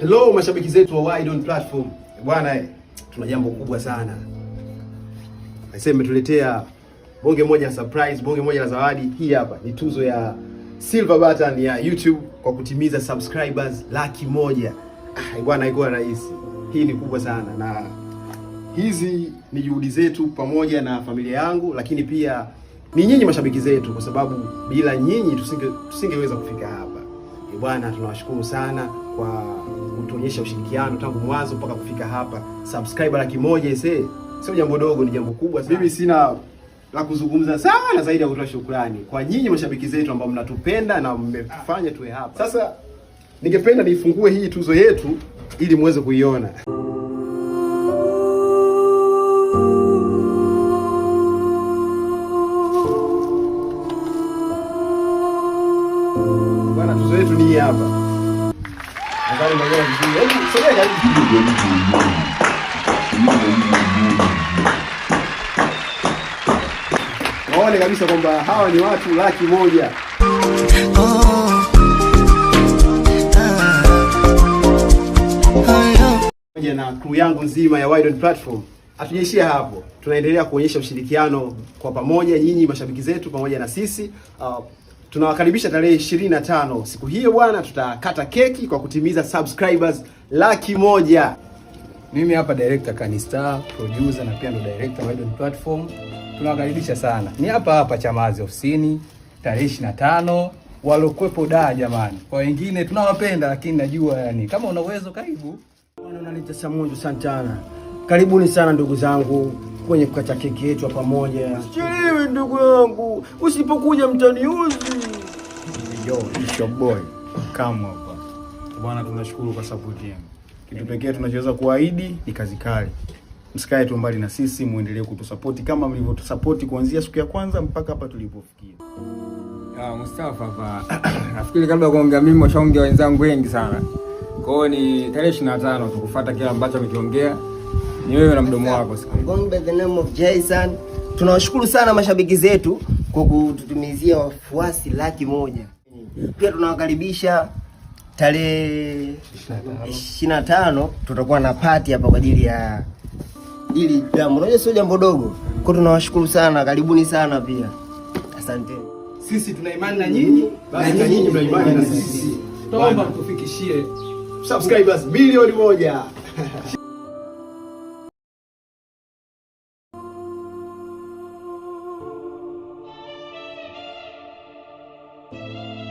Hello mashabiki zetu wa Wide On Platform. Bwana, eh, tuna jambo kubwa sana. Aisee, mmetuletea bonge moja surprise, bonge moja la zawadi. Hii hapa ni tuzo ya silver button ya YouTube kwa kutimiza subscribers laki moja. Ah, bwana, haikuwa rahisi. Hii ni kubwa sana na hizi ni juhudi zetu pamoja na familia yangu, lakini pia ni nyinyi mashabiki zetu, kwa sababu bila nyinyi tusinge tusingeweza kufika hapa. Bwana, tunawashukuru sana kwa kutuonyesha ushirikiano tangu mwanzo mpaka kufika hapa. Subscriber laki moja ese, sio jambo dogo, ni jambo kubwa sana. Mimi sina la kuzungumza sana zaidi ya kutoa shukrani kwa nyinyi mashabiki zetu ambao mnatupenda na mmetufanya tuwe hapa. Sasa ningependa niifungue hii tuzo yetu ili muweze kuiona. tuzo yetu ni hapa. Waone kabisa kwamba hawa ni watu laki moja. na crew yangu nzima ya Wide Platform. Hatujaishia hapo, tunaendelea kuonyesha ushirikiano kwa pamoja, nyinyi mashabiki zetu pamoja na sisi uh, tunawakaribisha tarehe 25. Siku hiyo bwana, tutakata keki kwa kutimiza subscribers laki moja. Mimi hapa director Kanista, producer na pia ndo director wa Eden Platform. Tunawakaribisha sana, ni hapa hapa Chamazi ofisini tarehe 25 walokwepo da jamani, kwa wengine tunawapenda, lakini najua yani, kama una uwezo karibu. Nanita Samundu Santana, karibuni sana ndugu zangu kwenye kukata keki yetu pamoja ndugu yangu, usipokuja mtaniuzi. Yo, Bishop boy, kama hapa bwana, tunashukuru kwa support yenu. Kitu pekee tunachoweza kuahidi ni kazi kali. Msikae tu mbali na sisi, muendelee kutusapoti kama mlivyotusapoti kuanzia siku ya kwanza mpaka hapa tulipofikia. Ah, Mustafa hapa. Nafikiri kabla kuongea mimi washaongea wenzangu wengi sana. Kwa hiyo ni tarehe 25 tukufuata kile ambacho amekiongea. Ni wewe na mdomo wako siku. Ngombe the name of Jason. Tunawashukuru sana mashabiki zetu kwa kututumizia wafuasi laki moja. Pia tunawakaribisha tarehe 25 tutakuwa na pati hapa kwa ajili ya ili jambo. Unajua sio jambo dogo. Kwa tunawashukuru sana, karibuni sana pia. Asanteni. Sisi tuna imani na nyinyi, basi na nyinyi mna imani na sisi. Tuomba tufikishie subscribers bilioni moja. Thank you.